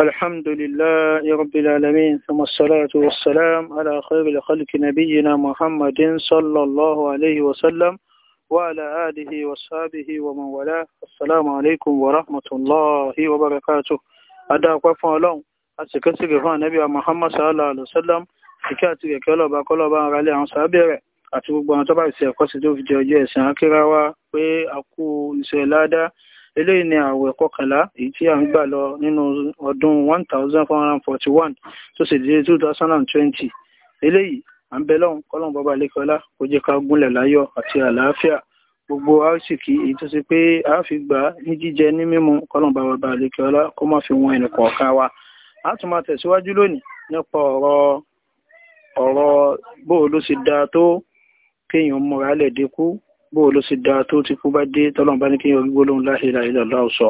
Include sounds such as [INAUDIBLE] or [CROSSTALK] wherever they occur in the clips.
الحمد لله رب العالمين ثم الصلاة والسلام على خير الخلق نبينا محمد صلى الله عليه وسلم وعلى آله وصحبه ومن والاه السلام عليكم ورحمة الله وبركاته أدا قفا لهم أسكسك فان نبي محمد صلى الله عليه وسلم سكاتك كلبا كلبا غالي عن صابره أتبقى أن تبعي سيقصد في جوجه سنعكرا وي أكو نسيلادا eléyìí ni àwẹ̀ kọkànlá èyí tí a ń gbà lọ nínú ọdún 1441 tó sì di 2020 eléyìí à ń bẹ lọ́hùn kọ́lọ́hùn bàbá lẹ́kọ́lá kó jẹ́ ká gúnlẹ̀ láyọ̀ àti àlàáfíà gbogbo àṣìkí èyí tó ṣe pé a fi gbà ní jíjẹ ní mímu kọ́lọ́hùn bàbá lẹ́kọ́lá kó má fi wọn ẹnìkọ̀ọ̀kan wa a tún máa tẹ̀síwájú lónìí nípa ọ̀rọ̀ ọ̀rọ̀ bó ló ṣe tó kéèyàn múra lẹ̀ dínkù bó ló sì dáa tó ti kú bá dé tọ́lọ́mbá ní kí n orí gbólóhùn la ilaha illallah sọ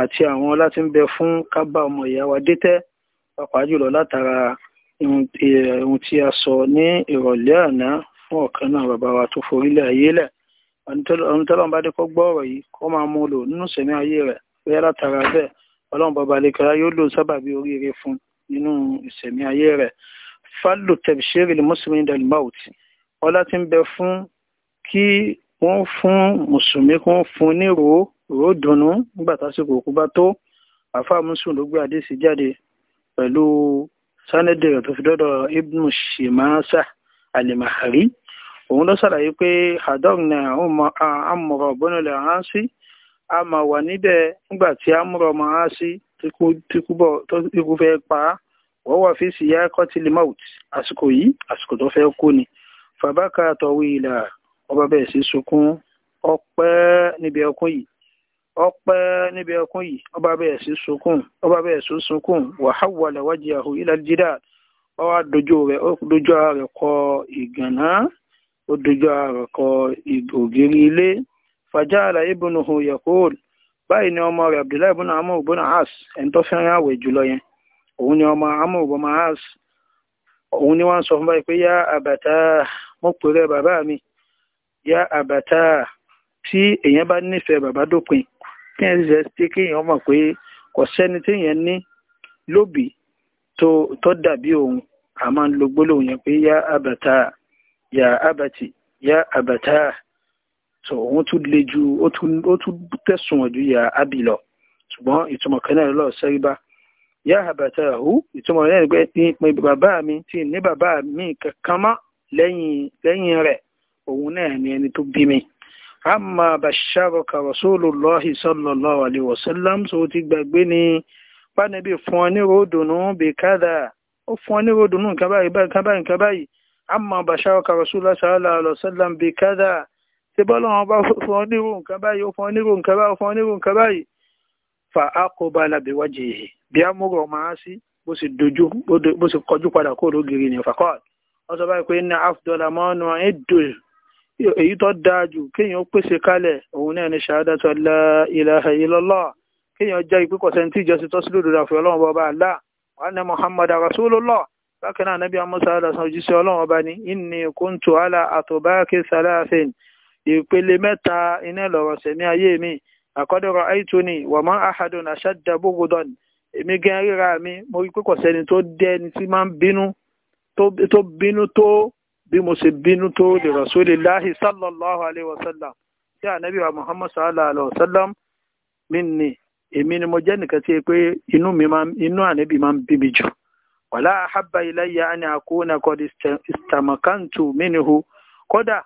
àti àwọn láti ń bẹ fún kábà ọmọ ìyá wa dẹ́tẹ́ pàápàá jùlọ látara ohun tí a sọ ní ìrọ̀lẹ́ àná fún ọ̀kan náà bàbá wa tó forílẹ̀ ayé lẹ̀ ọ̀nà tọ́lọ́mbá dé kọ́ gbọ́ ọ̀rọ̀ yìí kọ́ máa mú lò nínú sẹ̀mí ayé rẹ̀ bóyá látara bẹ́ẹ̀ ọlọ́run bàbá alekara yóò lò sábàbí oríire fún nínú ìsẹ̀mí ayé rẹ̀ fálò tẹ̀bíṣẹ́rì lè mọ́sùlùmí dàlmáùtì ọlá ti ń bẹ fún kí wọ́n fún mùsùlùmí kan fún ní ro ro dùnú nígbà tásìkò òkú bá tó àfáà mùsùlùmí ló gbé àdéhìsí jáde pẹ̀lú sanadi rẹ̀ tó fi dọ́dọ̀ ibn shimasa alimahari òun ló ṣàlàyé pé hadog na amọ̀rọ̀ bọ́nulẹ̀ ránṣí a máa wà níbẹ̀ nígbà tí amọ̀rọ̀ máa ránṣí ikú fẹ́ pa á wọ́n wà fi síyá kọ́tìlì mọ́ọ̀tì àsìkò yìí àsìkò tó fẹ́ kú ni fàbákà tọ̀wé ìlà ọba bẹ́ẹ̀ sí sunkún ọpẹ́ níbi ẹkún yìí ọpẹ́ níbi ẹkún yìí ọba bẹ́ẹ̀ sí sunkún ọba bẹ́ẹ̀ sí sunkún wàhálà wájú àhùn ilẹ̀ dídà ọwọ́ dojú rẹ̀ kọ ìgànná ó dojo a rẹ̀ kọ ògiri ilé fàjáàlà ibùnùhù yakul báyìí ni ọmọ rẹ̀ abdullahi ibùnà amú as ẹni tó fẹ́ràn àwẹ̀ jùlọ yẹn òun ni ọmọ amú as òun ni sọ fún báyìí pé yá àbàtà bàbá Ya àbàtà tí èèyàn bá nífẹ̀ẹ́ bàbá dópin kí ẹ ṣe ṣe kí èèyàn mọ̀ pé kò sẹ́ni tí èèyàn ní lóbì tó tó dàbí òun a máa ń lo gbólóhùn yẹn pé yá àbàtà yá àbàtì yá àbàtà tó òun tún le ju ó tún tẹ̀sùn ọ̀jú yá àbì lọ ṣùgbọ́n ìtumọ̀ kan náà lọ́ọ̀ sẹ́rí bá yá àbàtà hù ìtumọ̀ yẹn pé bàbá mi tí ní bàbá mi kankan mọ́ lẹ́yìn rẹ̀ òun náà ni ẹni tó bí mi amma basharaka rasulullahi sallallahu alaihi wasallam so ti gbàgbé ni pánibí fún ọ ní ròdùnú bí kádà ó fún ọ ní ròdùnú nǹkan báyìí nǹkan báyìí nǹkan báyìí amma basharaka rasulullahi sallallahu alaihi wasallam bí kádà ṣe bọ́lá wọn bá fún ọ ní rò nǹkan báyìí ó fún ọ ní rò nǹkan báyìí ó a múrò máa sí bó sì kọjú padà kó lógiri ní fakọ́ọ̀t wọ́n sọ báyìí pé ní afdọ́lá mọ́nà ẹ̀dùn èyí tó dáa jù kéèyàn pèsè kalẹ̀ òun náà ni ṣahadatu la ilaha illallah kéèyàn jẹ́ ìpín kọ̀sẹ̀ tí ìjọsìn tó sílùú dòdò àfihàn ọlọ́run bàbá àlá wàá ní muhammad rasulullah bákan náà nàbí amúsà àdàsán òjíṣẹ́ ọlọ́run ọba ní inni kuntu ala atubaki sàlàfin ìpele mẹ́ta iná lọ̀rọ̀ sẹ̀mí ayé mi àkọ́dọ̀rọ̀ aitoni wàmọ́ ahadun ashadda bugudon èmi gan ríra mi mo rí pé kọ̀sẹ́ni tó dẹ́ni tí máa ń bínú tó bí mo ṣe bínú tó lè rasulillahi sallallahu alayhi wa sallam tí ànábì wa muhammad sallallahu alayhi wa sallam mi ni èmi ni mo jẹ́ nìkan tí pé inú mi máa inú ànábì máa ń bí mi jù wàlá àhábà ilayya àni àkóónà kọ́dí istamakantu minhu kódà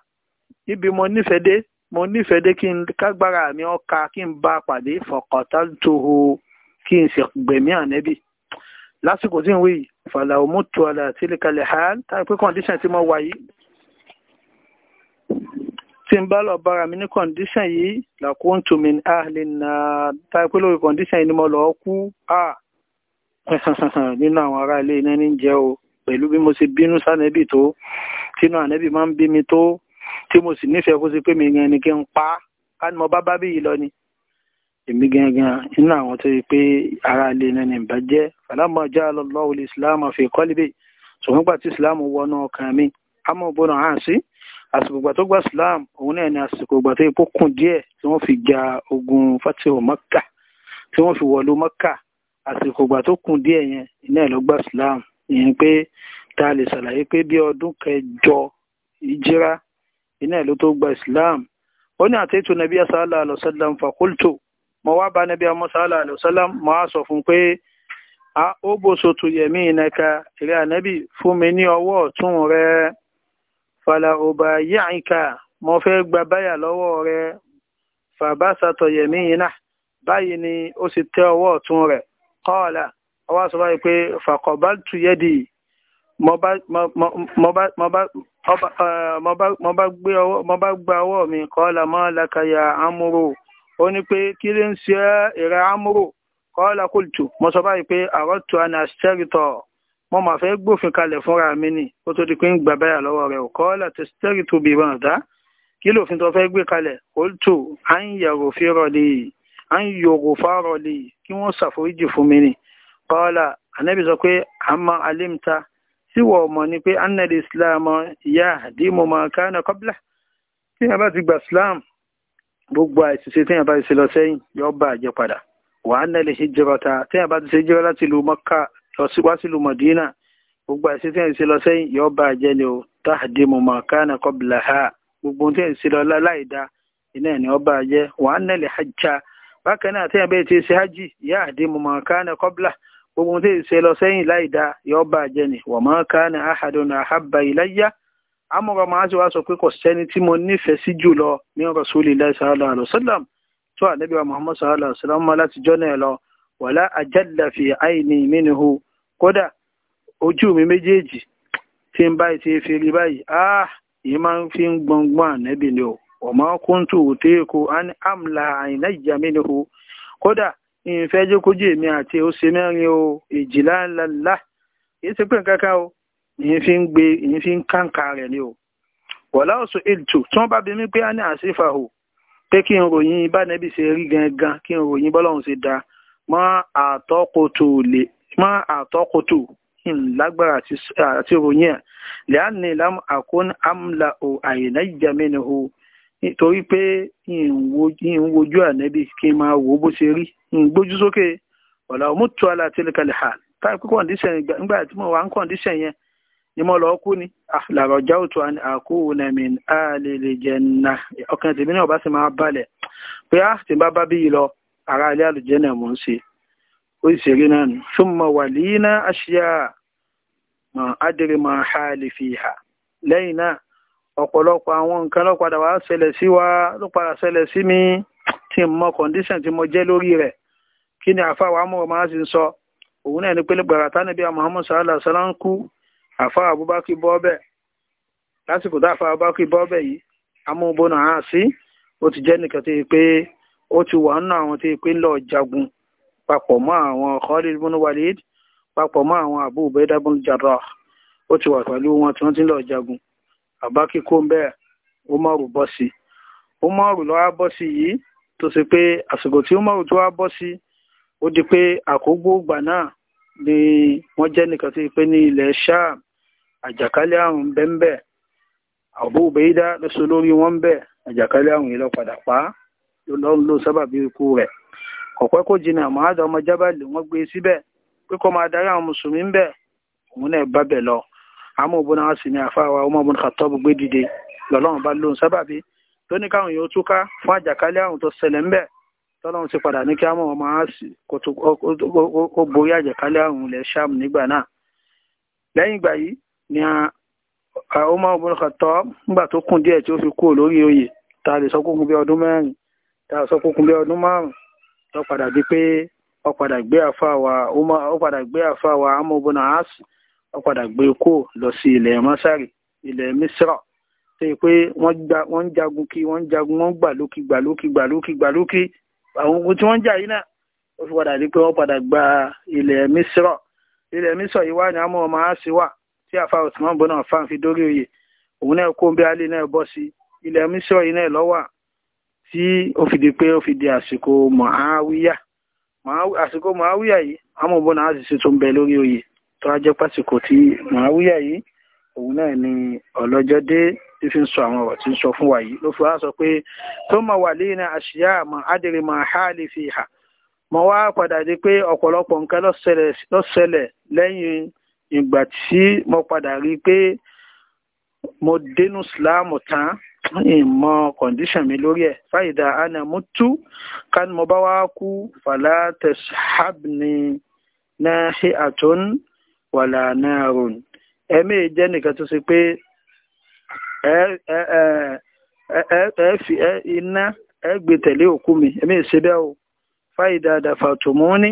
ibi mo nífẹ̀ẹ́ mo nífẹ̀ẹ́ kí n kágbára mi ọ̀ka kí n bá pàdé fọkàntàntòho kí n sì gbẹ̀mí ànábì lásìkò tí ń wí yìí fàlà òmùtù àlà àti ìlẹ̀kàlẹ̀ ha tàbí pé kọ̀ǹdíṣàn tí mo wà yìí tí n bá lọ bára mi ní kọ̀ǹdíṣàn yìí làkún tùmí àhìlì náà tàbí pé lórí kọ̀ǹdíṣàn yìí ni mo lọ kú à [LAUGHS] nínú àwọn ará ilé iná ní jẹ́ o pẹ̀lú bí mo ṣe bínú sánẹ́bì tó tínú ànẹ́bì máa ń bí mi tó tí mo sì nífẹ̀ẹ́ kó sí pé mi yẹn ni kí n pa á ni mo bá bá bí yìí lọ ni èmi gangan nínú àwọn tó yẹ pé ara ilé náà ní ìbàjẹ́ fàlámà já lọ́wọ́ olè ìsìláàmù fi kọ́líbè ṣùgbọ́n gbà tí ìsìláàmù wọnú ọkàn mi àmọ́ bọ́nà hàn sí àsìkò ìgbà tó gba islam òun náà ni àsìkò ìgbà tó yẹ kó kún díẹ̀ tí wọ́n fi ja ogun fatihu maka tí wọ́n fi wọ̀lú maka àsìkò ìgbà tó kún díẹ̀ yẹn iná ẹ̀ ló gba islam ìyẹn pé ta lè ṣàlàyé pé bí ọdún kẹjọ ìjírá iná ẹ̀ ló tó gba islam ó ní àtẹ́tù nàbí asálà àlọ́sálàm mo wá bá nabi amusala alayhisalam mo á sọ fún pé a ó bó sotu yẹmí ìnaka ìrẹ ànábì fún mi ní ọwọ́ ọ̀tún rẹ fàlà òbá yíàǹkà mo fẹ́ gba báyà lọ́wọ́ rẹ fàbá sàtọ̀ yẹmí iná báyìí ni ó sì tẹ ọwọ́ ọ̀tún rẹ̀ kọ́ọ̀là ọwọ́ sọ báyìí pé fàkọ̀bá tu yẹ́dì mo bá gba ọwọ́ mi kọ́ọ̀là mọ́ lákàyà amúrò ó ní pé kí ló ń ṣe ìrẹ́ amúrò kọ́lá kùtù mo sọ báyìí pé àrọ́tù àná àṣẹ́rìtọ̀ mo mà fẹ́ gbófin kalẹ̀ fúnra mi nì ó tó di pé ń gbà báyà lọ́wọ́ rẹ̀ kọ́lá ti ṣẹ́rìtù bí ìbọn ọ̀dá kí lófin tó fẹ́ gbé kalẹ̀ kùtù à ń yẹ̀rò fi rọ̀lì à ń yòrò fa rọ̀lì kí wọ́n ṣàforíjì fún mi nì kọ́lá ànábì sọ pé àmọ́ alimta síwọ̀ ọmọ ni pé annal islam yahdi mo máa ká ní kọ́bílà tí a bá ti gbà islam gbogbo àìsísí téèyàn bá ti ṣe lọ sẹ́yìn yóò bá àjẹ padà wàá nẹ́lẹ̀ ṣe jẹba ta téèyàn bá ti ṣe jẹba láti ìlú Mọ́kà lọ sí wá sí ìlú Mọ̀dínà gbogbo àìsísí téèyàn ṣe lọ sẹ́yìn yóò bá àjẹ ni o tahdimu ma kana qablaha gbogbo téèyàn ṣe lọ láì da iná ẹ̀ ni ó bá àjẹ wàá nẹ́lẹ̀ hajja bákan náà téèyàn bẹ́ẹ̀ ti ṣe hajj yahdimu ma kana qabla gbogbo téèyàn ṣe lọ sẹ́yìn láì da yóò bá àjẹ ni wa ma kana ahadun ahabba ilayya amọ̀rọ̀ máa ṣe wá sọ pé kò sẹ́ni tí mo nífẹ̀ẹ́ sí jù lọ ní Rasulillahi sallallahu alaihi wasallam tó ànábì wa Muhammad sallallahu alaihi wasallam mọ́ láti jọ́ náà lọ wala ajalla fi aini minhu kódà ojú mi méjèèjì tí ń báyìí tí ń fi rí báyìí ah yìí máa ń fi ń gbọngbọ́n ànábì ni o ọmọ kúntù òtéèkó amla àìná ìjà mi ni o kódà ìfẹ́ jókòjì èmi àti ó ṣe mẹ́rin o èjìlá ńlá ńlá kì ìyìn fi ń gbé ìyìn fi ń kàǹkà rẹ̀ ni o wọ̀lá ọ̀sọ̀ ètò tí wọ́n bá bi mí pé a ní àṣìfà o pé kí n ròyìn bá nẹ́bí ṣe rí gangan kí n ròyìn bọ́lọ́run ṣe da mọ́ àtọ́kòtò lè mọ́ àtọ́kòtò lágbára àti ròyìn ẹ̀ lẹ́yìn ìlànà àkóń amla o àyìnlá ìjàmẹ́ni o nítorí pé n wojú ànẹ́bí kí n máa wò bó ṣe rí n gbójú sókè ọ̀là òmùtú ha táà kọ́ndíṣẹ̀ nígbà tí mo wà ń kọ́ndíṣẹ̀ yẹn ni mo lọ kú ni ah, làrọ̀ jáwó tó àkóhò nàmì àlèlè jẹ̀nà ọkàn tèmi náà bá sì máa balẹ̀ pé á ah, ti bá bá bí yìí lọ ara ilé àlùjẹ́nà mò ń ṣe ó sì ṣeré náà nù fún mọ wà líná àṣìyà mọ adèrè mọ ha lè fi hà lẹ́yìn náà ọ̀pọ̀lọpọ̀ àwọn nǹkan ló padà wá ṣẹlẹ̀ sí wa ló padà ṣẹlẹ̀ sí mi tí n mọ kọ̀ǹdíṣàn tí mo jẹ́ lórí rẹ̀ kí ni àfa wa mọ̀ máa ń sọ òun náà ni pé gbàrà tánibí Muhammad sallallahu alaihi wasallam kú àfa àbúbákí bọ́ọ̀bẹ̀ lásìkò tá àfa àbúbákí bọ́ọ̀bẹ̀ yìí amóhùnbónà hàn sí ó ti jẹ́ nìkan tó yẹ pé ó ti wà nínú àwọn tó pé lọ jagun papọ̀ mọ́ àwọn Khalid bin Walid papọ̀ mọ́ àwọn Abu Ubaidah bin Jarrah ó ti wà pẹ̀lú wọn tí wọ́n ti ń lọ jagun àbákí kó ń bẹ́ẹ̀ Umaru bọ́ sí Umaru lọ́wọ́ bọ́ sí yìí tó ṣe pé àsìkò tí Umaru tó wá bọ́ sí ó di pé àkógbó ìgbà náà ni wọ́n jẹ́ nìkan tó pé ní ilẹ̀ Sham àjàkálẹ̀ àrùn bẹ́ńbẹ́ Abu Ubaida ló so lórí wọn bẹ́ẹ̀ àjàkálẹ̀ àrùn yìí lọ padà pa á lọ́n ló sábà bí ikú rẹ̀ ọ̀pẹ́ kò jìnnà Mu'adh ọmọ Jábàlì wọ́n gbé síbẹ̀ pé kó máa darí àwọn mùsùlùmí ń bẹ̀ òun náà bá bẹ̀ lọ àmọ́ òbí náà sì ní àfáàwà ọmọ ọmọ Khattab gbé dìde lọ́lọ́run bá lóun sábàbí tó ní káwọn yóò túká fún àjàkálẹ̀ àrùn tó ṣẹlẹ̀ ń bẹ̀ tọ́lọ́run ti padà ní kí àmọ́ ọmọ àásì kó borí àjàkálẹ̀ àrùn ilẹ̀ Sham nígbà náà lẹ́yìn ìgbà yìí ní Umar ibn Khattab nígbà tó kún díẹ̀ tí ó fi kú lórí oyè ta lè sọ kókun bí ọdún mẹ́rin ta lè sọ kókun bí ọdún márùn-ún padà di pé ó gbé àfàwà ó padà gbé àfàwà Amr ibn As ó padà gbé kó lọ sí ilẹ̀ Masari ilẹ̀ Misra tó yẹ pé wọ́n ń jagun kí wọ́n ń jagun wọ́n gbà lókì gbà lókì gbà lókì gbà lókì àwọn ogun tí wọ́n ń jà yìí náà ó fi padà di pé wọ́n padà gba ilẹ̀ Misra ilẹ̀ Misra yìí wá ní Amr ibn As wà tí àfa Usman bọ́nà àfáàn fi dórí oyè òun náà kó bí alẹ́ náà bọ́ sí ilẹ̀ mísírọ̀ yìí náà lọ́wà tí ó fi pé ó fi ma àsìkò Muawiya àsìkò Muawiya yìí àmọ́ ti á tó tún bẹ lórí oyè tó á jẹ́ pásìkò tí Muawiya yìí òun náà ni ọlọ́jọ́ dé tí fi ń fi wá sọ pé tó mọ̀ wà lẹ́yìn náà àṣìyá àmọ́ fi hà mọ̀ padà di pé ọ̀pọ̀lọpọ̀ nǹkan ìgbà tí mo padà rí i pé mo dénú síláàmù tán ìmọ̀ kọ̀ǹdíṣàn mi lórí ẹ̀ fáyidà ana mutu kan mo bá wá kú fàlà tẹ̀síhábìnì náà ṣe àtún wàlà náà ròn ẹ̀mí jẹ́ nìkan tó ṣe pé ẹ fi iná ẹ gbé tẹ̀lé òkú mi ẹ̀mí ṣe bẹ́ẹ̀ o fáyidà dàfà tòmọ́ni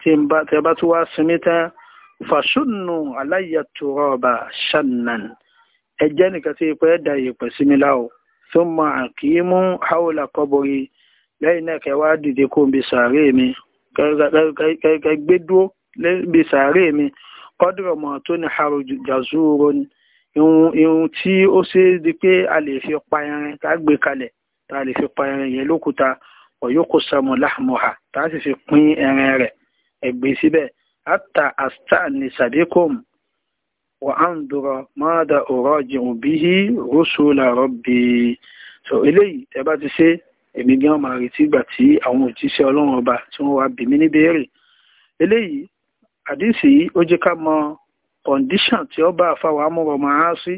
tí ẹ bá tún wá sinmi tán fàṣùnù aláyàtúrọ̀ ọba ṣànnàn ẹjẹ́ nìkan tí ipò ẹ̀dá ìyẹ̀pẹ̀ sí mi láwọ̀ tó mọ àkíyímú haúlà kọ́bọ̀rì lẹ́yìn náà kẹwàá dìde kó bí sàárè mi kẹgbẹ́ dúró bí sàárè mi kọ́dùrọ̀ mọ̀ tó ní haru jazúro irun tí ó ṣe é di pé a lè fi pa irin tá gbé kalẹ̀ tá lè fi pa irin yẹn lókúta ọ̀yọ́kọ̀ samu láhàmúhà sì fi pín irin rẹ̀ ẹ̀gbẹ́ síbẹ̀ hatta asta'nisa bikum wa andura mada uraji'u bihi rusula rabbi so eléyìí tẹ bá ti ṣe èmi gan máa retí ìgbà tí àwọn òjíṣẹ́ ọlọ́run ọba tí wọ́n wá bí mi ní béèrè eléyìí àdìsí yìí ó jẹ́ ká mọ kọ̀ǹdíṣàn tí ó bá àfàwọ̀ amúrọ̀ máa sí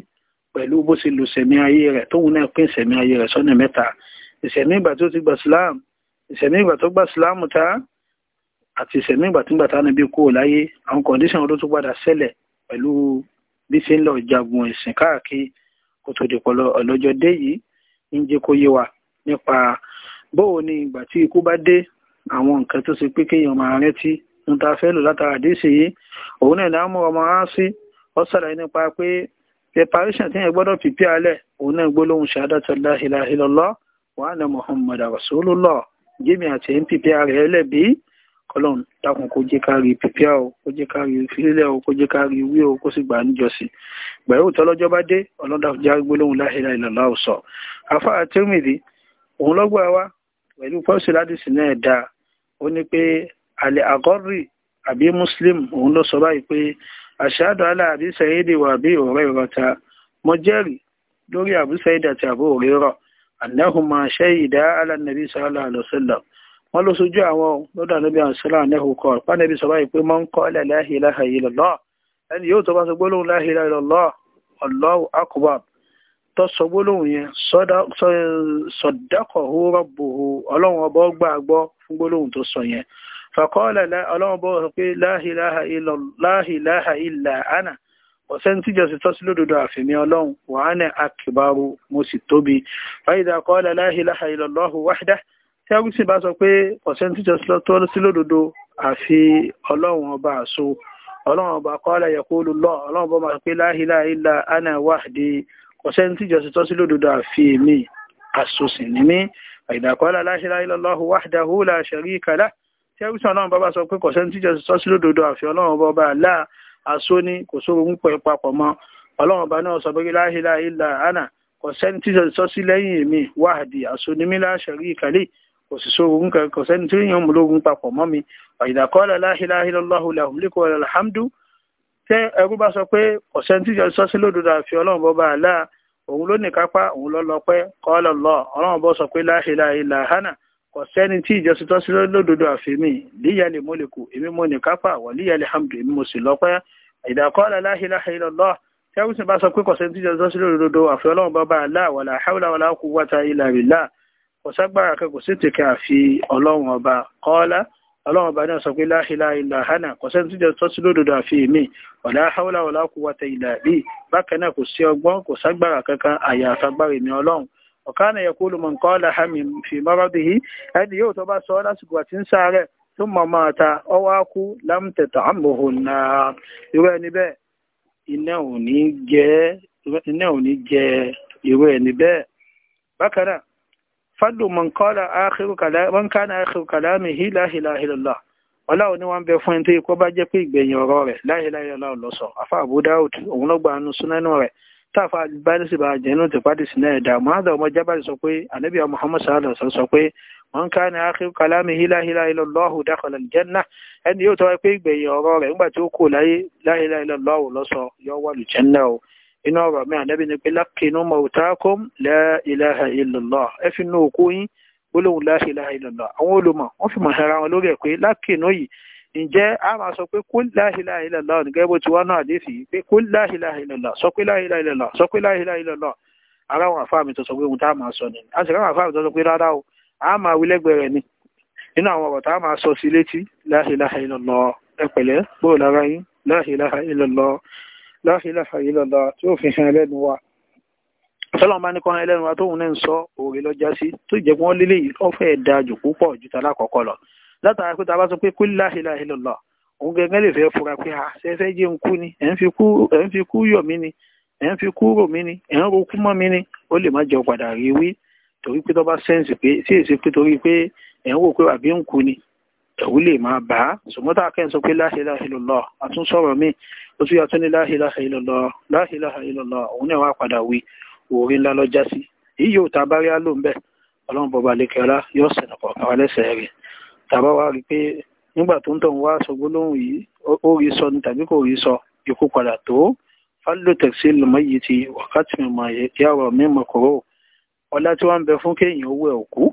pẹ̀lú bó ṣe lò sẹ̀mí ayé rẹ̀ tóun náà pín sẹ̀mí ayé rẹ̀ sọ́nà mẹ́ta ìsẹ̀mí ìgbà tó ti gbà síláàmù ìsẹ̀mí ìgbà tó gbà síláàmù tá àti ìṣẹ̀mí ìgbàtígbà tá níbi kúrò láyé àwọn kọ̀ǹdíṣàn ló tún padà ṣẹlẹ̀ pẹ̀lú bí ṣe ń lọ jagun ẹ̀sìn káàkiri kó tó di pọ̀lọ ọlọ́jọ́ dé yìí ń jẹ́ kó yé wa nípa bóò ni ìgbà tí ikú bá dé àwọn nǹkan tó ṣe pé kéèyàn máa rántí ń ta fẹ́ lò látara àdéṣe yìí òun náà láàmú ọmọ á sí ọ sàlàyé nípa pé preparation tí yẹn gbọ́dọ̀ fìpí alẹ̀ òun náà gbólóhùn ṣahadatu la ilaha illallah wa anna muhammadan rasulullah jimmy àti npp rẹ̀ lẹ́bìí ọlọ́run dákun kó jẹ́ kárí pípíà o kó jẹ́ kárí ìfilélẹ̀ o kó jẹ́ kárí wí o kó sì gbà níjọsìn gbẹ̀rù tọ́lọ́jọ́ bá dé ọlọ́dà jágbó lóhun láhìlá ìlànà ọ̀sọ̀ afá àtẹ́mìrì òun lọ́gbà wa pẹ̀lú pọ́ọ̀sì ládìsí náà dáa ó ní pé àlẹ́ àgọ́rì àbí muslim òun ló sọ báyìí pé àṣàdù aláàbí sẹ́yìndì wà bí ọ̀rẹ́ ìrọ̀ta mo jẹ́rìí lórí àbúsẹ́yìndì àti àbúrò rírọ̀ àdáhùn máa ṣẹ́yìdá alánàbí sallallahu alaihi wasallam wọ́n ló sojú àwọn lọ́dọ̀ ànábì àṣẹlá ànẹ́hù kọ́ pánẹ́bí sọ báyìí pé mọ́ ń kọ́ ilẹ̀ la ilaha illallah ẹni yóò tó bá sọ gbólóhùn la ilaha illallah Allahu akbar tó sọ gbólóhùn yẹn saddaqahu rabbuhu ọlọ́run ọba gbà gbọ́ fún gbólóhùn tó sọ yẹn faqala ọlọ́run bọ́ sọ pé la ilaha illa ana ọ̀sẹ́ni tíjọ́ sí tọ́sí lódodo àfẹ̀mí ọlọ́run wa ana akbaru tí augustine bá sọ pé ọ̀sẹ̀ tí jọ́sọ́ tó sí lódodo àfi ọlọ́run ọba àṣọ ọlọ́run ọba qala yaqulu Allah ọlọ́run ọba máa pé la ilaha illa ana wahdi ọ̀sẹ̀ tí jọ́sọ́ tó sí lódodo àfi èmi àṣọ sì ní mí idha qala la ilaha illa Allah wahdahu la sharika lah tí augustine ọlọ́run bá sọ pé ọ̀sẹ̀ tí jọ́sọ́ tó sí lódodo àfi ọlọ́run ọba àlá àṣọ ni kò sóorun pẹ̀ papọ̀ mọ́ ọlọ́run ọba náà sọ pé la ilaha illa ana kò sẹ́ni tí sí lẹ́yìn èmi wahdi àṣọ ni mí la sharika kò sì sóògùn kan kò sẹ́ni tí yàn mú lógun papọ̀ mọ́ mi àyìdàkọ́lẹ̀ láhìláhìlọ́láhù làhùlíkọ̀ alhamdu tẹ́ ẹrú bá sọ pé kò sẹ́ni tí yàn sọ́sí lódodo àfi ọlọ́run bọ́ bá àlá òun ló nìkápá òun lọ lọ pẹ́ kọ́lọ̀ lọ ọlọ́run bọ́ sọ pé láhìláhìláhánà kò sẹ́ni tí ìjọsìn tọ́sí lódodo àfi mi líyàlè mólèkù èmi mo nìkápá wà líyàlè hamdu èmi mo sì lọ́pẹ́ àyìdàkọ́lẹ̀ láhìláhìlọ́lọ́ tẹ́wùsìn bá sọ pé kò sẹ́ni tí ìjọsìn tọ́sí lódodo àfi ọlọ́run bọ́ bá àlá wàlà hàwùlà wàlà kúwwata ìlà bíllàh kò ságbára kan kò sí tìkẹ́ àfi ọlọ́run ọba kọ́ọ́lá ọlọ́run ọba náà sọ pé la ilaha illa hana kò sẹ́ni tó jẹ́ tọ́sí lódodo àfi èmi wala hawla wala quwwata illa bi bákan náà kò sí ọgbọ́n kò ságbára kankan àyà hami fi mọ́rọ́bì yìí ẹni yóò tó bá sọ ọ́ lásìkò àti ń sáré tó mọ̀ máa ta ọwọ́ iná ò ní jẹ́ irú ẹni bẹ́ẹ̀ bákan fadlu man qala akhiru kalami man kana akhiru kalamihi la ilaha illallah ọlá òní wọn bẹ fún ẹni tó yẹ kó bá jẹ pé ìgbẹ̀yìn ọ̀rọ̀ rẹ̀ la ilaha illallah lọsọ afa Abu Dawud òun lọgbà nù súnánù rẹ̀ táàfà báyìísí bá jẹ nínú náà ẹdá muhammed ọmọ jábàlì sọ pé anabi muhammed sallallahu alaihi wasallam sọ pé man kana akhiru kalamihi la ilaha illallah dakhala al ẹni yóò tọ́ pé ìgbẹ̀yìn ọ̀rọ̀ rẹ̀ nígbà tí ó kù láyé la ilaha illallah yọ wà lùjẹ́ náà inú ọ̀rọ̀ mi ànábì ni pé lákínú mọ̀tàkùn la ilaha illallah ẹ fi nu òkú yín gbólóhùn la ilaha illallah àwọn olùmọ̀ wọ́n fi mọ̀ ara wọn lórí ẹ̀ pé lákínú yìí ǹjẹ́ a máa sọ pé kul la ilaha illallah nìkẹ́ bó ti wá náà dé sí pé kul la ilaha illallah sọ pé la ilaha illallah sọ pé la ilaha illallah ara àwọn àfáà tó sọ pé ohun tá a máa sọ nìyí a sì ráwọn àfáà mi tó sọ pé rárá o a máa wí lẹ́gbẹ̀ẹ́ ni nínú àwọn ọ̀rọ̀ tá a máa sọ sí létí la ilaha illallah ẹ bóòlù ara yín la ilaha illallah la ilaha illallah tí ó fi hàn ẹlẹ́nu wa tọ́lọ́n bá ní kọ́ran ẹlẹ́nu wa tóun náà ń sọ òòrè lọ́jà sí tó jẹ́ pé wọ́n lélẹ̀ yìí ọ̀fẹ́ da jù púpọ̀ ju tàlá kọ̀ọ̀kọ̀ lọ látara pé tàbá sọ pé kul la ilaha òun gẹ́gẹ́ lè fẹ́ fura pé àṣẹ́fẹ́ jẹ́ ń kú ni ẹ̀ ń fi kú yọ̀ mí ni ẹ̀ ń fi kú rò mí ni ẹ̀ ń rokú mọ́ mí ni ó lè má jẹ́ padà rí wí torí pé tó bá sẹ́ǹsì pé sí èsì pé torí pé ẹ̀ ń wò pé àbí ń ni ẹ̀wú lè máa bá ṣùgbọ́n tá a kẹ́ ń sọ pé la ilaha illallah àtún sọ̀rọ̀ mi ó tún yàtún ní la la ilaha illallah òun náà wá padà wí òórí ńlá lọ́jà sí èyí yóò ta bá rí á ló ń bẹ̀ ọlọ́run bọba lẹ́kẹ̀ọ́lá yóò sẹ̀nà kọ̀ọ̀kan wa lẹ́sẹ̀ rẹ̀ tàbá wa rí pé nígbà tó ń tọ̀ ń wá sọ gbólóhùn yìí ó rí sọ ni tàbí kò rí sọ ikú padà tó fálò tẹ̀sí lọ́mọ yìí ti wákàtí mọ̀ yàrá mi mọ̀ kúrò ọlá tí wọ́n ń bẹ fún kéèyàn owó ẹ̀ òkú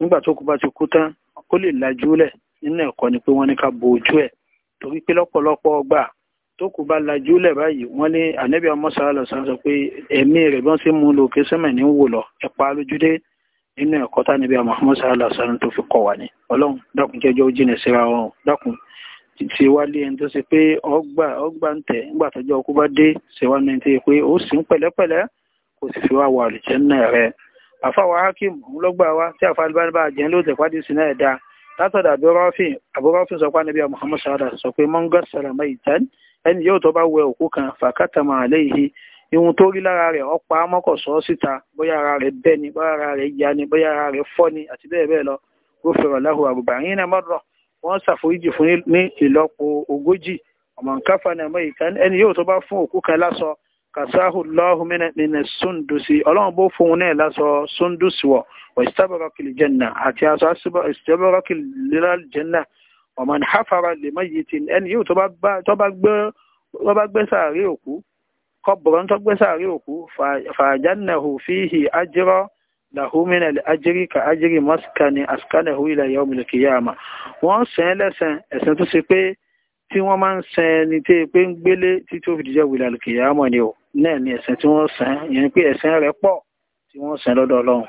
nígbà tó kú bá ti kú tán kó lè lajúlẹ̀ nínú ẹ̀kọ́ ni pé wọ́n ní ká bo ojú ẹ̀ torí pé lọ́pọ̀lọpọ̀ ọgbà tó kù bá lajúlẹ̀ báyìí wọ́n ní ànẹ́bí ọmọọṣà lọ́sàn sọ pé ẹ̀mí rẹ̀ bí wọ́n ṣe mú lòkè sẹ́mẹ̀ ní wò lọ ẹ̀pá lójúdé nínú ẹ̀kọ́ tánibí ọmọọṣà lọ́sàn tó fi kọ̀ wà ní ọlọ́run dákun jẹ́jọ́ jìnà síra wọn dákun ti wá lé ẹni tó ṣe pé ọgbà ọgbà ń tẹ̀ nígbà tọ́jọ́ ọkú bá dé ṣe wá ní ẹni tó yẹ pé ó sì ń pẹ̀lẹ́pẹ̀lẹ́ kò sì fi wá wà àlùjẹ́ náà rẹ̀ àfàwọ̀ hakim lọ́gbà wa tí àfà alibani bá jẹ́ ló tẹ̀kọ́ àdìsí náà dá látọ̀dọ̀ àbúrọ́fìn àbúrọ́fìn sọ pé ànábì muhammad sallallahu alaihi wasallam sọ pé mọ́ngọ́ sàlámà ìtàn ẹni yóò tó bá wẹ òkú kan fàkàtàmà àléhìí ihun tó rí lára rẹ̀ ọ̀pá mọ́kọ̀sọ́ síta bóyá ara rẹ̀ bẹ́ ni bóyá ara rẹ̀ ya ni bóyá ara rẹ̀ fọ́ ni àti bẹ́ẹ̀ bẹ́ẹ̀ lọ gbófinró lahu arba'ina marra wọ́n ṣàforíjì fún ní ìlọ́po ogójì ọ̀mọ̀ǹkáfà nàmọ́ ìtàn ẹni yóò tó bá fún òkú kan lásọ kasahullahu mina sundusi ọlọ́run bó fún náà lásọ sundusi wọ̀ wàsítábọ̀rọ̀kìlì jẹ́nà àti aṣọ àṣìbọ̀rọ̀kìlì jẹ́nà ọmọ ní hafara lè má yìí ti ẹni yóò tó bá gbé sàárè òkú kọ́bùrọ̀ tó gbé sàárè òkú fàájánnàhù fíhì ajírọ́ làhúmínà ajírí ka ajírí mọ́síkàní àsìkánàhù ilẹ̀ yawm al-qiyama wọ́n sẹ́n lẹ́sẹ̀n ẹ̀sìn tó ṣe pé tí wọ́n máa ń sẹ́n tí pé ń gbélé títí ó fi dìjẹ́ wìlẹ̀ al-qiyama ni o náà ni ẹ̀sìn tí wọ́n sàn yẹn pé ẹ̀sìn rẹ̀ pọ̀ tí wọ́n sàn lọ́dọ̀ ọlọ́run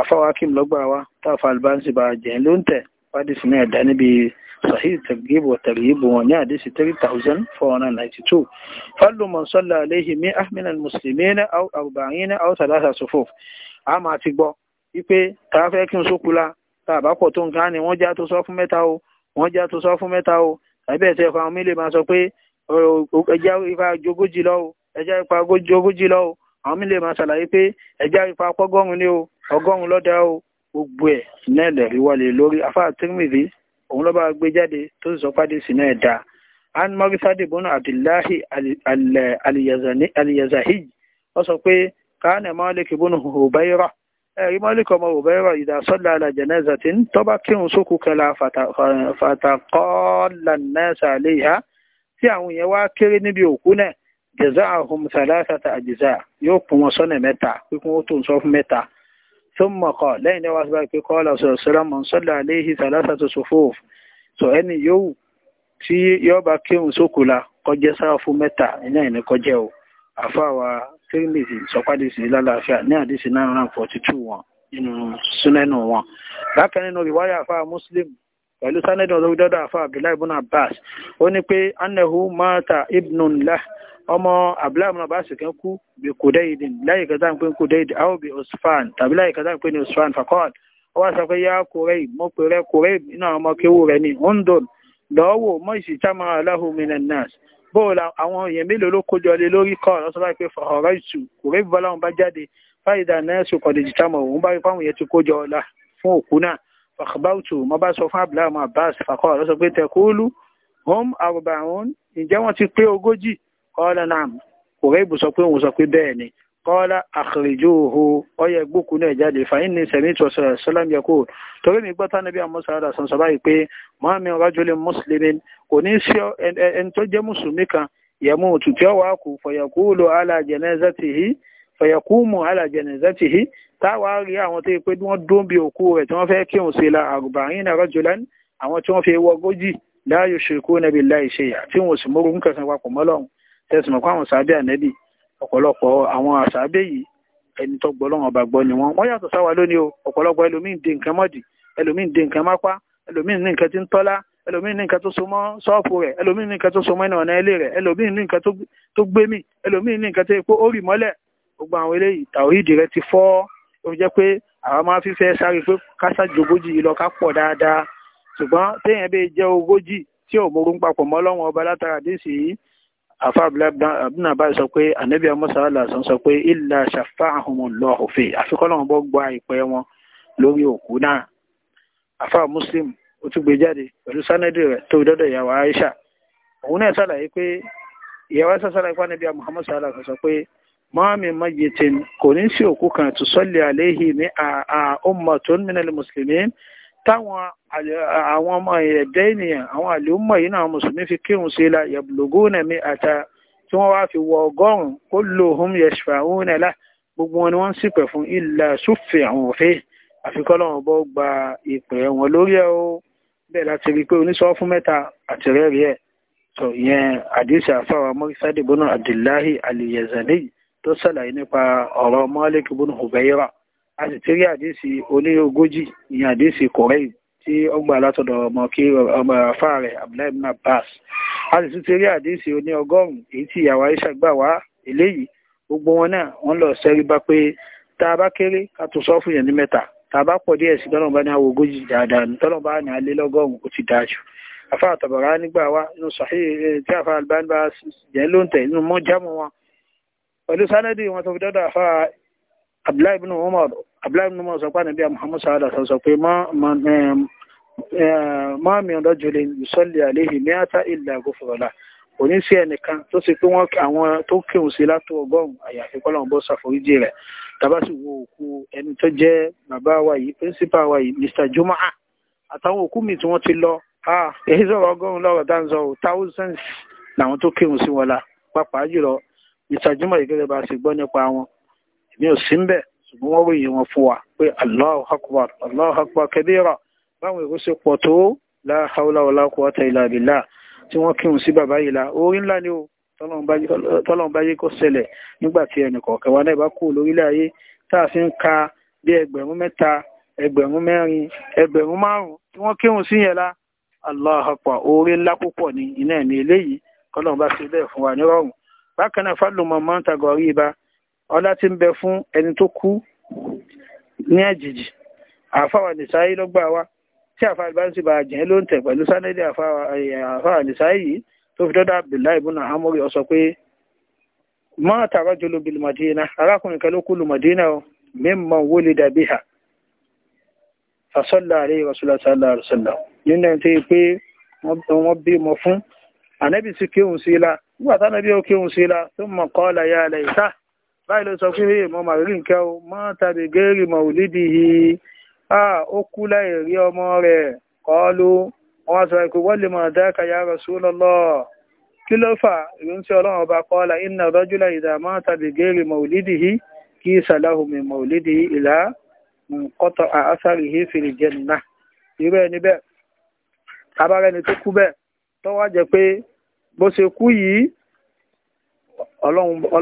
àfọwọ́ akim lọ́gbà wa táfà albansi bá jẹ́ ló ń tẹ̀ wádìsí náà dá níbi sahih targhib wa tarhib wọn ní àdìsí three thousand four hundred ninety two fálù mọ̀nsọ́lá aléhi mi ahmed muslimin arba'in aw thalatha sufuf a máa ti gbọ́ wípé tá fẹ́ kí n sókula tá a pọ̀ tó nǹkan ni wọ́n já tó sọ fún mẹ́ta o wọ́n já tó sọ fún mẹ́ta o tàbí ẹ̀sẹ̀ kan mílíọ̀nù máa sọ pé ẹja ìfà jogójì lọ́wọ́ ẹjá ipa ogójì ogójì lọ o àwọn mi lè máa ṣàlàyé pé ẹjá ipa pọ́gọ́rùn ni o ọgọ́rùn lọ́dà o gbogbo ẹ̀ náà lẹ̀rí wọlé lórí afá Tirmidhi òun lọ́ba gbé jáde tó sọ pàdé sí náà dá an mọ́rísádì Abdullahi aliyazahij wọ́n sọ pé káánà mọ́lẹ́kì bọ́nà Hubayra ẹ̀rí mọ́lẹ́kì ọmọ Hubayra ìdásọ́lá alàjẹ̀nẹ́zàtín tọ́ba kírun sókù kẹla fàtàkọ́ọ̀lá tí àwọn èèyàn wá kéré níbi òkú náà jazaahum thalathata ajza yóò pín wọn sọ́nà mẹ́ta pípín ó tó ń sọ fún mẹ́ta thumma qala lẹ́yìn náà wá sí báyìí pé qala sallallahu alaihi wasallam salla alayhi thalathatu sufuf sọ ẹni yóò tí yóò bá kírun sókò la kọjẹ́ sáà fún mẹ́ta iná ìní kọjẹ́ o àfáwà tírímìtì sọpádìsì lálàáfíà ní àdìsí náà ràn 42 wọn nínú súnẹ́nù wọn bákan nínú ìwáyà àfáà muslim pẹ̀lú sanadun olóòdọ́dọ̀ àfáà abdullahi ibn abbas ó ní pé annahu mata ibnun lah ọmọ abdulhamid abbas kan kú bí kudaid láyé kan táwọn pé ní kudaid aw bí usfan tàbí láyé kan táwọn pé usfan fakọọd ó wá sọ pé yá kureib mo pè rẹ kureib inú àwọn ọmọ kéwú rẹ ní ondon lọ́wọ́ mọ́ ìsì táwọn aláhùn minan nas bóòlù àwọn èèyàn mélòó ló kójọ lé lórí kọ́ọ̀lù ọ̀sán báyìí pé ọ̀rọ̀ ìtù kureib bọ́lá wọn bá jáde báyìí dà náà sùn kọ̀dìjì táwọn òun bá rí fáwọn èèyàn ti kójọ ọ̀la fún òkú náà fàkàbáùtù mo bá sọ fún abdulhamid abbas fakọọd ó sọ pé tẹkúlù hom arbaun ǹjẹ́ wọ́n ti pé ogójì kọ́lá náà kòrèbù sọ pé òun sọ pé bẹ́ẹ̀ ni kọ́lá àkèrèjòhò ọyẹ gbókù náà jáde fàyín ní sẹ̀mí tọ̀sẹ̀ sọ́lámi ẹ̀kọ́ torí mi gbọ́tà níbi àmúṣà rà sọ̀sọ̀ báyìí pé mọ́mí rájúlé mùsùlùmí kò ní sí ẹni tó jẹ́ mùsùlùmí kan yẹ̀mú òtútù ọwọ́ àkù fọ̀yẹ̀kúlò alájẹnẹ́zẹ́tìhì fọ̀yẹ̀kúmù alájẹnẹ́zẹ́tìhì táwa rí àwọn tó yẹ pé wọ́n dún bí òkú rẹ̀ tí wọ́n fẹ́ kírun sí la àrùbáyìn náà rọ́jùlán àwọn tí wọ́n fi wọgójì láàyò ṣèkú nàbí láì ṣe yà tí wọ́n sì mórú nǹkan kan papọ̀ mọ́lọ́run tẹ̀sùn mọ́ pé àwọn sàábẹ́ ànẹ́bì ọ̀pọ̀lọpọ̀ àwọn àsàábẹ́ yìí ẹni tó gbọ́ lọ́wọ́n ọba gbọ́ ni wọ́n wọ́n yàtọ̀ sáwa lónìí o ọ̀pọ̀lọpọ̀ ẹlòmíín dé nǹkan mọ́dì ẹlòmíín dé nǹkan mápá ẹlòmíín ní nǹkan tí ń tọ́lá ẹlòmíín ní nǹkan tó so mọ́ ṣọ́ọ̀fù rẹ̀ ẹlòmíín ní nǹkan tó so mọ́ ẹnà ọ̀nà ilé rẹ̀ ẹlòmíín ní nǹkan tó gbé mì ẹlòmíín ní nǹkan tó yẹ pé ó rì mọ́lẹ̀ gbogbo àwọn eléyìí tàwíìdì rẹ ti fọ́ ó jẹ́ pé àwọn máa fífẹ́ sáré pé kásá jogójì yìí lọ ká pọ̀ dáadáa ṣùgbọ́n téèyàn bẹ́ẹ̀ jẹ́ ogójì tí ò papọ̀ mọ́ lọ́wọ́n ọba látara déèsì yìí afa abdul abbas sọ pé anabi amusa alasan sọ pé illa shafa'ahumullahu fi àfikọ́lọ́wọ́n bọ́ gba ìpè wọn lórí òkú náà afa muslim ó tún gbé jáde pẹ̀lú sanadi rẹ̀ tó dọ́dọ̀ ìyàwó aisha òun náà sàlàyé pé ìyàwó sàlàyé pé anabi muhammad sallallahu alaihi sọ pé mọ́mí mayitin kò ní sí òkú kan tó sọ́lẹ̀ àléhì ní àà ummatun minal muslimin táwọn àwọn ọmọ ẹ̀dẹ́ ènìyàn àwọn àlùmọ̀ yìí náà mùsùlùmí fi kírun sí la yabuluguna mi àta tí wọ́n wá fi wọ ọgọ́rùn-ún kulluhum yashfa'una la gbogbo wọn ni wọ́n ń ṣìpẹ̀ fún illa ṣùfẹ̀ àwọn òfin àfikọ́lọ́wọ́n bọ́ gba ìpè wọn lórí ẹ̀ o bẹ́ẹ̀ láti rí i pé oníṣọ́ fún mẹ́ta àtẹ̀rẹ́rì ẹ̀ sọ ìyẹn àdìsí àfáwà mọ́rísádìbónú abdullahi aliyazani tó ṣàlàyé nípa ọ̀rọ̀ Malik ibn Hubayra a sì ti rí àdéhìsì oníogójì ìyẹn àdéhìsì kọ̀rẹ́ì tí ó gbà látọ̀dọ̀ ọmọ kí ọmọ àfa rẹ̀ abdullahi ibn abbas a sì tún ti rí àdéhìsì oní ọgọ́rùn-ún èyí tí ìyàwó aisha gbà wá eléyìí gbogbo wọn náà wọn lọ sẹ́rí bá pé tá a bá kéré ká tó sọ fún yẹn ní mẹ́ta tá a bá pọ̀ díẹ̀ sí tọ́lọ́mù bá ní àwọn ogójì dáadáa ní bá ní alẹ́ lọ́gọ́rùn-ún ó ti wa inú sahih eh, tí afa albani bá jẹ́ ló abdullahi numu sọ pé ànábì muhammad sọ àdàsọ sọ pé ma mi ọ̀dọ́ jùlẹ̀ ìsọ́lì àléhì ní àtà ilẹ̀ àgọ́fọ̀rọ̀lá kò ní sí ẹnìkan tó ṣe pé wọ́n àwọn tó kírun sí látò ọgọ́rùn àyàfi kọ́lọ́run bó ṣàforíjì rẹ̀ tàbá sì wo òkú ẹni tó jẹ́ bàbá wa yìí píríncípà wa yìí mr jumaa àtàwọn òkú mi tí wọ́n ti lọ èyí sọ̀rọ̀ ọgọ́rùn lọ́rọ̀ dáńzọ ò thousands làwọn tó kírun sí wọn la pàápàá jùlọ mr jumaa yìí gẹ́gẹ́ bá a ṣe gbọ́ nípa wọn èmi ò sí ń bẹ̀ ṣùgbọ́n wọ́n ròyìn wọn fún wa pé Allahu akbar Allahu akbar kabira báwọn èrò ṣe pọ̀ tó la hawla wala quwwata illa billah tí wọ́n kírun sí bàbá yìí la orí ńlá ni o tọ́lọ́run báyé kó ṣẹlẹ̀ nígbà tí ẹnì kọ̀ọ̀kan wa náà bá kú lórílẹ̀ ayé tá a fi ń ka bí ẹgbẹ̀rún mẹ́ta ẹgbẹ̀rún mẹ́rin ẹgbẹ̀rún márùn-ún tí wọ́n kírun sí yẹn la Allahu orí ńlá púpọ̀ ni iná ẹ̀mí eléyìí kọ́lọ́run bá ṣe bẹ́ẹ̀ fún wa nírọ̀rùn bákan náà fálùmọ̀ mọ́ntàgọ́rí ibà ọlá tí ń bẹ fún ẹni tó kú ní àjèjì àfáwà nìsáyí ló gbà wá tí àfáà ìbánisí bá jẹ́ ló ń tẹ̀ pẹ̀lú sánẹ́dì àfáà nìsáyí yìí tó fi dọ́dọ̀ Abdullahi ibn Amr ó sọ pé ma tarajulu bil Madina arákùnrin kan ló kú lu Madina o mimman wulida biha fasọ́lá àrẹ ìwàsọ́lá sálà àrùsọ́lá nínú ẹni tó yẹ pé wọ́n bí mọ fún ànábì sí kéhùn sí la nígbà tánábì ó kéhùn sí la tó mọ̀ kọ́ ọ́ la yá àlẹ́ ìta báyìí ló sọ pé ìmọ̀ màrí nǹkẹ́ o mọ́ tàbí gẹ́rì mọ̀ ò yìí ó kú láì rí ọmọ rẹ̀ kọ́ ló wọ́n sọ pé wọ́n lè mọ̀ dáka ya Rasulullah kí ló fà ìrúnṣẹ́ ọlọ́run ọba kọ́lá inna rajula irú ẹni abára ẹni tó kú pé bó ṣe kú yìí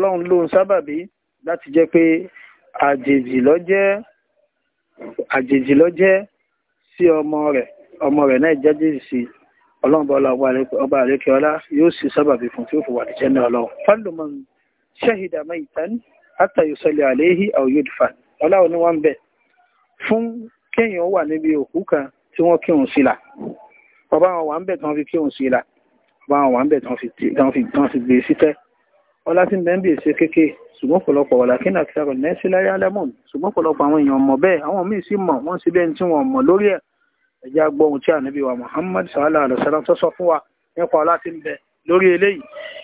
ló ń sábàbí láti jẹ́ pé àjèjì ló jẹ́ àjèjì ló jẹ́ sí ọmọ rẹ̀ ọmọ rẹ̀ náà jẹ́jẹ́ sí ọlọ́run bọ́lá ọba àlékè ọlá yóò sì sábàbí fún tí ó fi wà ní jẹ́nà ọlọ́run fálùmọ̀n ṣẹ́hìdà mẹ́ìtàn àléhì àwòyódìfà ọláwọn ni wọ́n ń bẹ̀ fún kéèyàn wà níbi òkú kan tí wọ́n kírun sí la ọba àwọn wà ń bẹ̀ tí wọ́n fi kírun sí la ọba àwọn wà ń bẹ̀ tí wọ́n fi gbé e sítẹ́ ọlá tí ń bẹ́ ń bèèṣe kéèké ṣùgbọ́n ọ̀pọ̀lọpọ̀ wà lákín àkíṣàrọ̀ nẹ́ẹ̀sì láyé alẹ́mọ̀n ṣùgbọ́n ọ̀pọ̀lọpọ̀ àwọn èèyàn mọ̀ bẹ́ẹ̀ àwọn míì sì mọ̀ wọ́n sì bẹ́ẹ̀ tí wọ́n mọ̀ lórí ẹ̀ ẹ̀já gbọ́hùn tí ànábì wa Muhammad sallallahu alaihi wasallam tó sọ fún wa nípa ọlá tí ń bẹ lórí eléyìí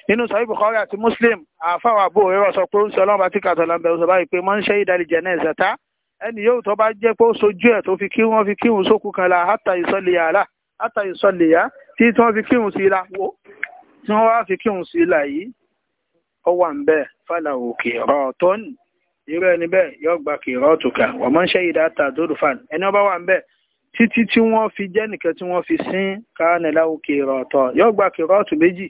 nínú sahih Bukhari àti Muslim àfáwà àbò rẹ̀ sọ pé ó ń sọ ọlọ́run bá tí kàtọ́ làǹbẹ̀ ó sọ báyìí pé máa ń ṣe ìdálẹ̀ jẹ̀ náà ẹ̀sẹ̀ta ẹni yóò tó bá jẹ́ pé ó sojú ó wà ń bẹ́ẹ̀ fàlàwò kìrọ̀ tó ń irú ẹni bẹ́ẹ̀ yóò gba kìrọ̀ tùkà wọ́n mọ́ ń ṣe ìdá ta dúró fan ẹni ọba wà ń bẹ́ẹ̀ títí tí wọ́n fi jẹ́ nìkan tí wọ́n fi sín káàníláwò kìrọ̀ tọ̀ yóò gba kìrọ̀ tù méjì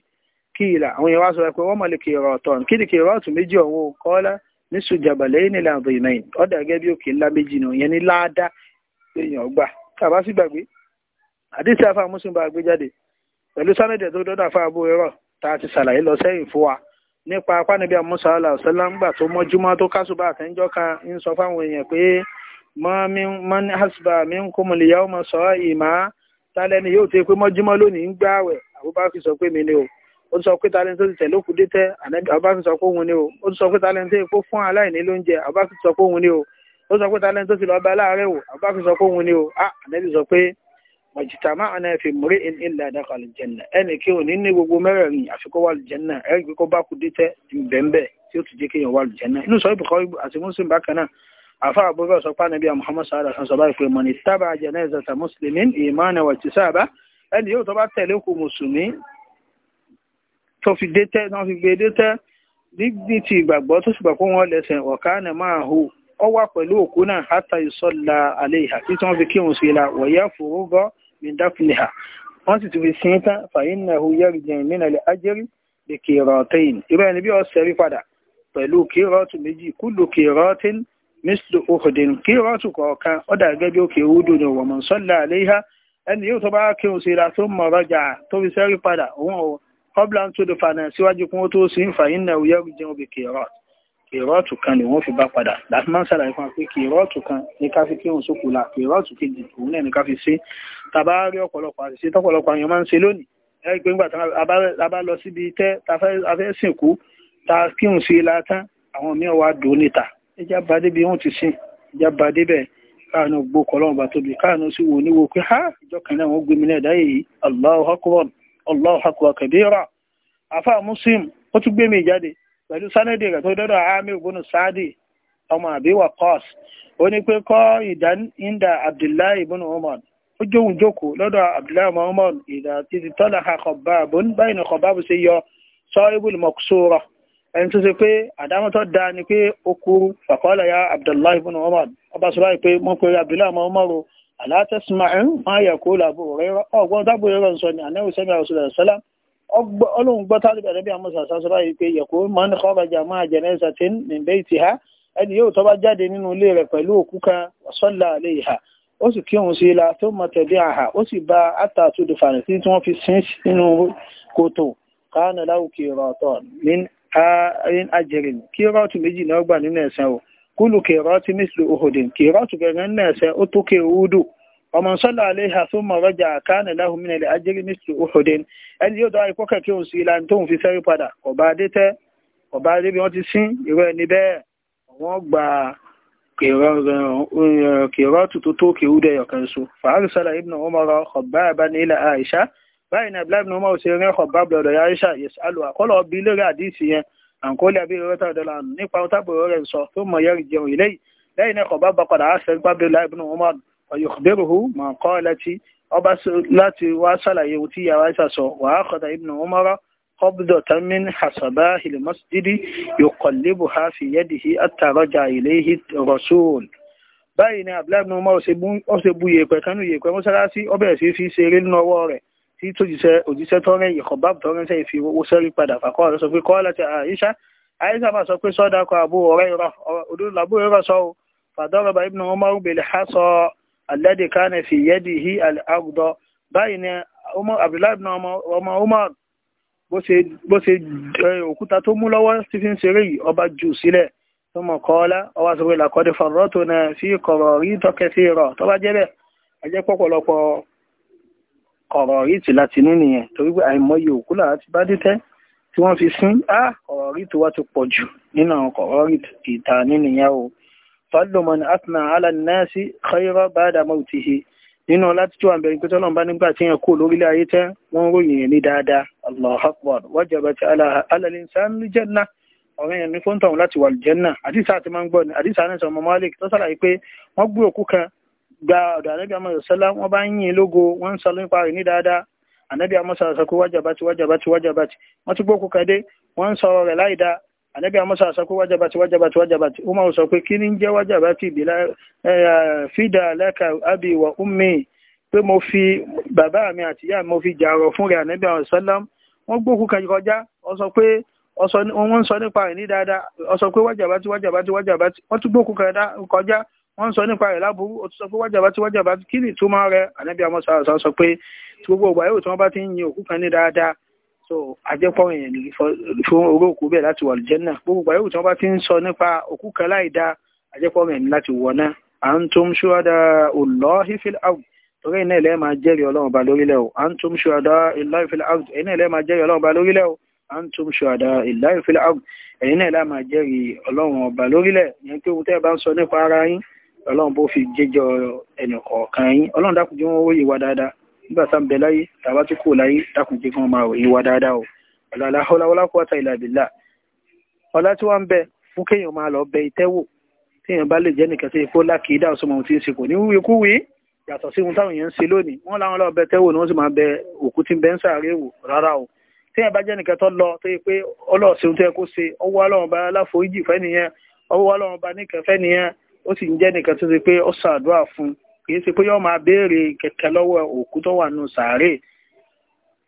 kí ìlà àwọn èèyàn wá sọ pé wọ́n mọ̀lẹ́ kìrọ̀ tọ̀ kí ni kìrọ̀ tù méjì ọ̀hún kọ́lá ní sùjàbàlẹ́ ní ìlànà ìmẹ̀yìn ọ̀dà gẹ́gẹ́ bí òkè ńlá méjì nù yẹn ní láàdá èèyàn gbà tàbá sì gbàgbé àdìsí àfa Muslim bá gbé jáde pẹ̀lú sánẹ́dẹ̀ tó dọ́dọ̀ àfa àbúrò rọ̀ tá a ti ṣàlàyé lọ sẹ́yìn fún wa nípa apánibí àmúṣà aláṣẹ́lá ńgbà tó mọ́júmọ́ tó kásùbà àtẹ́ńjọ́ kan ń sọ fáwọn èèyàn pé mọ́ni hasba mi ń kúmù lìyà ọmọ sọ ìmá tálẹ́ni yóò ti pé mọ́júmọ́ lónìí ń gbààwẹ̀ àbúbáfi sọ pé mi ni o ó sọ pé tálẹ́ni tó ti tẹ̀lé òkú dé tẹ́ àbúbáfi sọ pé òun ni o ó sọ pé tálẹ́ni tó epo fún aláìní lóúnjẹ àbúbáfi sọ pé òun ni o ó sọ pé tálẹ́ni tó ti lọ bá láàárẹ̀ wò àbúbáfi sọ pé òun ni o ah ànẹ́bí sọ màjìtàmá àná ẹ̀fẹ̀ múrí in ilẹ̀ àdàkọ̀ àlùjẹ̀nà ẹnì kí òní ní gbogbo mẹ́rẹ̀ẹ̀rin àfikọ́ wà lùjẹ̀nà ẹ̀rí pé kó bá kú dẹ́tẹ́ bẹ́ẹ̀ tí ó ti jẹ́ kéèyàn wà lùjẹ̀nà inú sọ ibùkọ́ àti muslim bákan náà àfa àbúrò sọ pé ànábì muhammad sallallahu alaihi wasallam pé mọ̀nì tábà janazata muslimin ìmánà wà ti sáàbà ẹnì yóò tó bá tẹ̀lé kú mùsùlùmí tó fi dẹ́tẹ́ náà fi gbé dẹ́tẹ́ ní ti ìgbàgbọ́ tó sì gbà pé wọ́n lẹ́sẹ̀ ọ̀kánà máa hù pẹ̀lú òkú náà hátà ìsọ́la àlẹ́ ìhà tí wọ́n fi kírun sí la wọ̀yẹ́ fòrógọ́ bìdáfìlìhà wọ́n sì ti fi sin tán fàyínà huyẹ́rì jẹ́ ìmínàlẹ̀ ajẹ́rì lè kèrọ̀tẹ́yìn ìrọ̀ ẹni bí ó sẹ́rí padà pẹ̀lú kèrọ̀tù méjì kúlù kèrọ̀tìn mísìlù òhùdìn kèrọ̀tù kọ̀ọ̀kan ó dà gẹ́gẹ́ bí ó kèrú dùn ní wọ̀mọ̀ sọ́lá àléhà ẹni yóò tó bá kírun sí ra tó mọ̀ rọjà tó fi sẹ́rí padà òun ò kọ́bla ń tó do fànà síwájú kún ó tó sin fàyínà huyẹ́rì jẹ́ òbí kèrọ̀tù kìrọ́ọ̀tù kan ni wọ́n fi bá padà láti máa ń ṣàlàyé fún wa pé kìrọ́ọ̀tù kan ní ká fi kírun sókù la kìrọ́ọ̀tù kejì òun náà ní ká fi ṣe tàbá rí ọ̀pọ̀lọpọ̀ àṣìṣe tọ́pọ̀lọpọ̀ àwọn máa ń ṣe lónìí ẹ̀rí pé nígbà lọ síbi tẹ́ afẹ́ sìnkú ta kírun sí la tán àwọn mìíràn wá dùn níta ẹjá bá débi wọn ti sìn ẹjá bá débẹ̀ káàánú gbó kọlọ́run bá tóbi káàánú sí wo níwo pé ha ìjọ pẹ̀lú sánẹ́dì rẹ̀ tó dọ́dọ̀ amir bin saadi ọmọ àbí waqas ó ní pé kọ́ ìdán inda abdullahi bin umar ó jóun jókòó lọ́dọ̀ abdullahi bin umar ìdá títí tọ́lá ha kọ̀báàbù báyìí ní kọ̀báàbù ṣe yọ sọ ibùl mọ̀kúsọ́rọ̀ ẹni tó ṣe pé àdámọ́tọ́ da ni pé ó kúrú fàkọ́lá ya abdullahi bin umar ọba sọ báyìí pé mo pe abdullahi bin umar o alátẹ́sìmáà máa yẹ kó làbò rẹ̀ ọgbọ́n dábò rẹ̀ ọlọ́run gbọ́ tálíbà rẹ̀ bí àwọn sàṣàṣọ báyìí pé yẹ̀kọ́ máa ń kọ́ bàjá máa jẹ̀ náà ṣàtì níbẹ̀ ìtì ha ẹni yóò tọ́ bá jáde nínú ilé rẹ̀ pẹ̀lú òkú kan sọ́là alẹ́ ìhà ó sì kí òun sí la tó mọ tẹ̀lé àhà ó sì bá àtàtù dùfàrẹ̀ sí tí wọ́n fi sin nínú kòtò káànà láwùkì rọ̀tọ̀ ní ajẹ̀rìn kí rọ́ọ̀tù méjì náà gbà nínú ẹ̀sẹ̀ o kúlù kèrọ́ọ̀tù mísìlì ọmọ sọlá aléha tó mọ rọjà kánà láhùnmínà ilẹ ajẹrí mr uhudin ẹni yóò dára ikọ́ kẹ̀kẹ́ òsì ìlànà tóun fi fẹ́rí padà ọba adétẹ́ ọba adé bí wọ́n ti sín ìrọ ẹni bẹ́ẹ̀ wọ́n gba kèrọ́ọ̀tù eh, tó tó kéwú dẹ̀ yọ̀kan so fàárì sọlá ibùnà ọmọ rọ ọba àbá ní ilẹ̀ àìsá báyìí náà ibrahim ọmọ òsì rẹ ọba bọ̀dọ̀ ya àìsá yẹsẹ alù àkọlọ bí lórí àdìsí yẹn àǹkólé abirẹ́rẹ́ta ọ̀dọ́là nípa ọtábòrò rẹ̀ sọ tó mọ̀ yẹ́rì jẹun ìlẹ́yìn lẹ́yìn náà ọba bá ọ̀yọ̀kùdẹ́rùhù mọ̀ kọ́ láti ọba láti wá sàlàyé tí yàrá ìsàsọ wàá kọ́dà ibn umar qabda tamin hasaba ilé masjidi yòkọ̀lébù ha fi yẹ́dìhì àtàrọ̀jà ilayhi rasul báyìí ni abdullahi ibn umar ó ṣe bu yèèpẹ̀ kanú yèèpẹ̀ mọ́sálásí ó bẹ̀rẹ̀ sí fi ṣeré nínú ọwọ́ rẹ̀ tí tòjíṣẹ́ òjíṣẹ́ tọ́rẹ́ ìkọ̀báb tọ́rẹ́ sẹ́yìn fi owó sẹ́rí padà fàkọ́ rẹ̀ sọ pé kọ́ láti àyíṣà àyíṣà máa sọ pé àbúrò rẹ̀ òdòdó fàdọ́rọ̀bà ibn umar bèlè ha sọ alẹ́dì kánẹ̀ fi yẹ́dì hí àgùdọ̀ báyìí ni abdullahi ibn ọmọ umar bó ṣe òkúta tó mú lọ́wọ́ tí fi ń ṣeré yìí ọba jù sílẹ̀ tó mọ̀ kọ́ọ́lá ọwá sọ pé làkọ́dé fọ̀rọ̀ tó nà sí kọ̀rọ̀ rí tọ́kẹ́ sí rọ̀ tó bá jẹ́ bẹ́ẹ̀ ajẹ́ pọ̀pọ̀lọpọ̀ kọ̀rọ̀ rí ti láti nú nìyẹn torí pé àìmọye òkú làá ti bá dé tí wọ́n fi sín á kọ̀rọ̀ tó wá ti pọ̀ jù nínú àwọn kọ̀rọ̀ ìta nínú ìyá fadlu man athna ala nasi khayra ba'da mawtihi nínú láti tí wà bẹ̀rẹ̀ pé tọ́lọ́mbá nígbà tí yẹn kú lórílẹ̀ ayé tẹ́ wọ́n ròyìn yẹn ní dáadáa Allahu akbar wajabat ala al-insani al-jannah ọ̀rẹ́ yẹn ní fóńtọ̀hún láti wà lùjẹ́nà àdìsá ti máa ń gbọ́ ni àdìsá náà sọ ọmọ Malik tó sàlàyé pé wọ́n gbé òkú kan gba ọ̀dọ̀ anábì amọ̀ wọ́n bá ń yìn lógo wọ́n ń sọ nípa rẹ̀ ní dáadáa anábì amọ̀ sọ pé wájàbátì wájàbátì wájàbátì wọ́n ti gbé òkú kan dé wọ́n ń sọ ọ̀rọ̀ rẹ̀ láì dáa ànábì amúsà sọ pé wájàbàtì wájàbàtì wájàbàtì umar sọ pé kí ni ń jẹ́ wájàbàtì ìbílá fídà lẹ́ka àbí ìwà ummi pé mo fi bàbá mi àti ìyá mi mo fi jàrọ̀ fún rẹ̀ ànábì àwọn sọ́lám wọ́n gbókù kọjá ọ sọ pé wọ́n ń sọ nípa rẹ̀ ní dáadáa ọ sọ pé wájàbàtì wájàbàtì wájàbàtì wọ́n tún gbókù kọjá wọ́n ń sọ nípa rẹ̀ láburú ó pé wájàbàtì so ajẹ́pọ̀rọ̀ yẹn fún oró òkú bẹ́ẹ̀ láti wà lùjẹ́ náà gbogbo àyẹ̀wò tí wọ́n bá ti ń sọ nípa òkú kan láì da ajẹ́pọ̀rọ̀ yẹn láti wọ̀ náà antum shuhada Allahi fil ard torí iná ilẹ̀ máa jẹ́rìí ọlọ́run ba lórílẹ̀ o antum shuhada Allahi fil ard iná ilẹ̀ máa jẹ́rìí ọlọ́run ba o antum shuhada Allahi fil ard ẹ̀yin náà ilẹ̀ máa jẹ́rìí ọlọ́run ọba lórílẹ̀ o kí ohun tẹ́ ẹ bá ń sọ nípa ara yín ọlọ́run bó fi jẹ́jọ́ ẹnì kọ̀ọ̀kan yín ọlọ́run dákun jẹ́ wọ́n wó ìwà dáadáa nígbà tá ń bẹ láyé tàbá tí kò láyé dákun jẹ́ kí wọ́n máa ròyìn wa dáadáa o ọ̀làlá ọláwọlá kó wáta ìlà ìbílà ọlá tí wọ́n ń bẹ fún kéèyàn máa lọ bẹ ìtẹ́wò téèyàn bá lè jẹ́ nìkan sí ikú lákìídá ọ̀sùn mọ̀ tí ń sìnkú ní wíwí kúwí yàtọ̀ sí ohun táwọn èèyàn ń ṣe lónìí wọ́n láwọn lọ bẹ tẹ́wò ni wọ́n sì máa bẹ òkú tí ń bẹ ń sàárè wò rárá o téèyàn bá jẹ́ nìkan tó lọ tó yẹ pé ọlọ́ọ̀sẹ̀ ohun tó yẹ kó ṣe ọwọ́ ọlọ́run bá aláforíjì fẹ́ nìyẹn ọwọ́ ọlọ́run bá níkẹ́fẹ́ nìyẹn ó sì ń jẹ́ nìkan tó ṣe pé ó ṣàdúrà fún un kìí ṣe pé yọ́ máa béèrè kẹ̀kẹ́ lọ́wọ́ òkú tó wà nù sàárè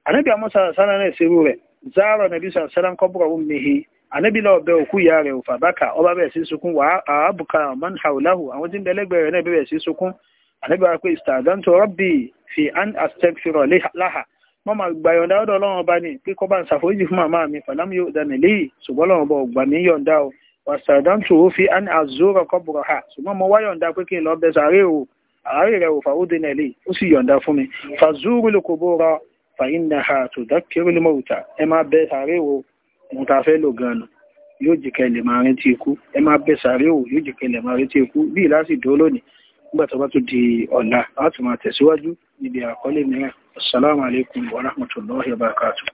ànábì amúsà sálà náà ṣerú rẹ̀ záàrà nàbí sàn sálà ń kọ́bùrọ̀ ọ̀hún mihi ànábì lọ́ọ́ bẹ òkú ìyá rẹ̀ òfà bákà ọba bẹ̀rẹ̀ sí sunkún wà á bùkà man haulahu àwọn tí ń bẹ lẹ́gbẹ̀ẹ́ rẹ̀ náà bẹ̀rẹ̀ sí sunkún ànábì wa pé istadantu rabbi fi an astaghfira laha mo máa gba yọ̀ǹda ọ̀dọ̀ ọlọ́run ọba ni pé kọ́ bá ń ṣàforíjì fún màmá mi fàlámù yóò dání léyìí ṣùgbọ́n ọlọ́run ọba ògbà mi yọ̀ǹda o wàṣàdántò ó fi an azura kọ́bùrọ̀ ha ṣùgbọ́n mo wá yọ̀ǹda pé kí n lọ bẹ sàárè o àárẹ̀ rẹ̀ òfà ó dènà ilé ó sì yọ̀ǹda fún mi fàzúrú ló kò bóra fàyín na ha tó dákẹ́rù ló mọ̀wùtà ẹ máa bẹ sàárẹ̀ wo mo ta fẹ́ lò gan nù yóò jìkẹ́ lè máa rántí ikú ẹ máa bẹ sàárẹ̀ wo yóò jìkẹ́ lè máa rántí ikú bí ìlà sì dúró lónìí nígbà tó bá tún di ọ̀la láti máa tẹ̀síwájú níbi àkọlé mìíràn assalamu alaikum wa rahmatullahi wa barakatuh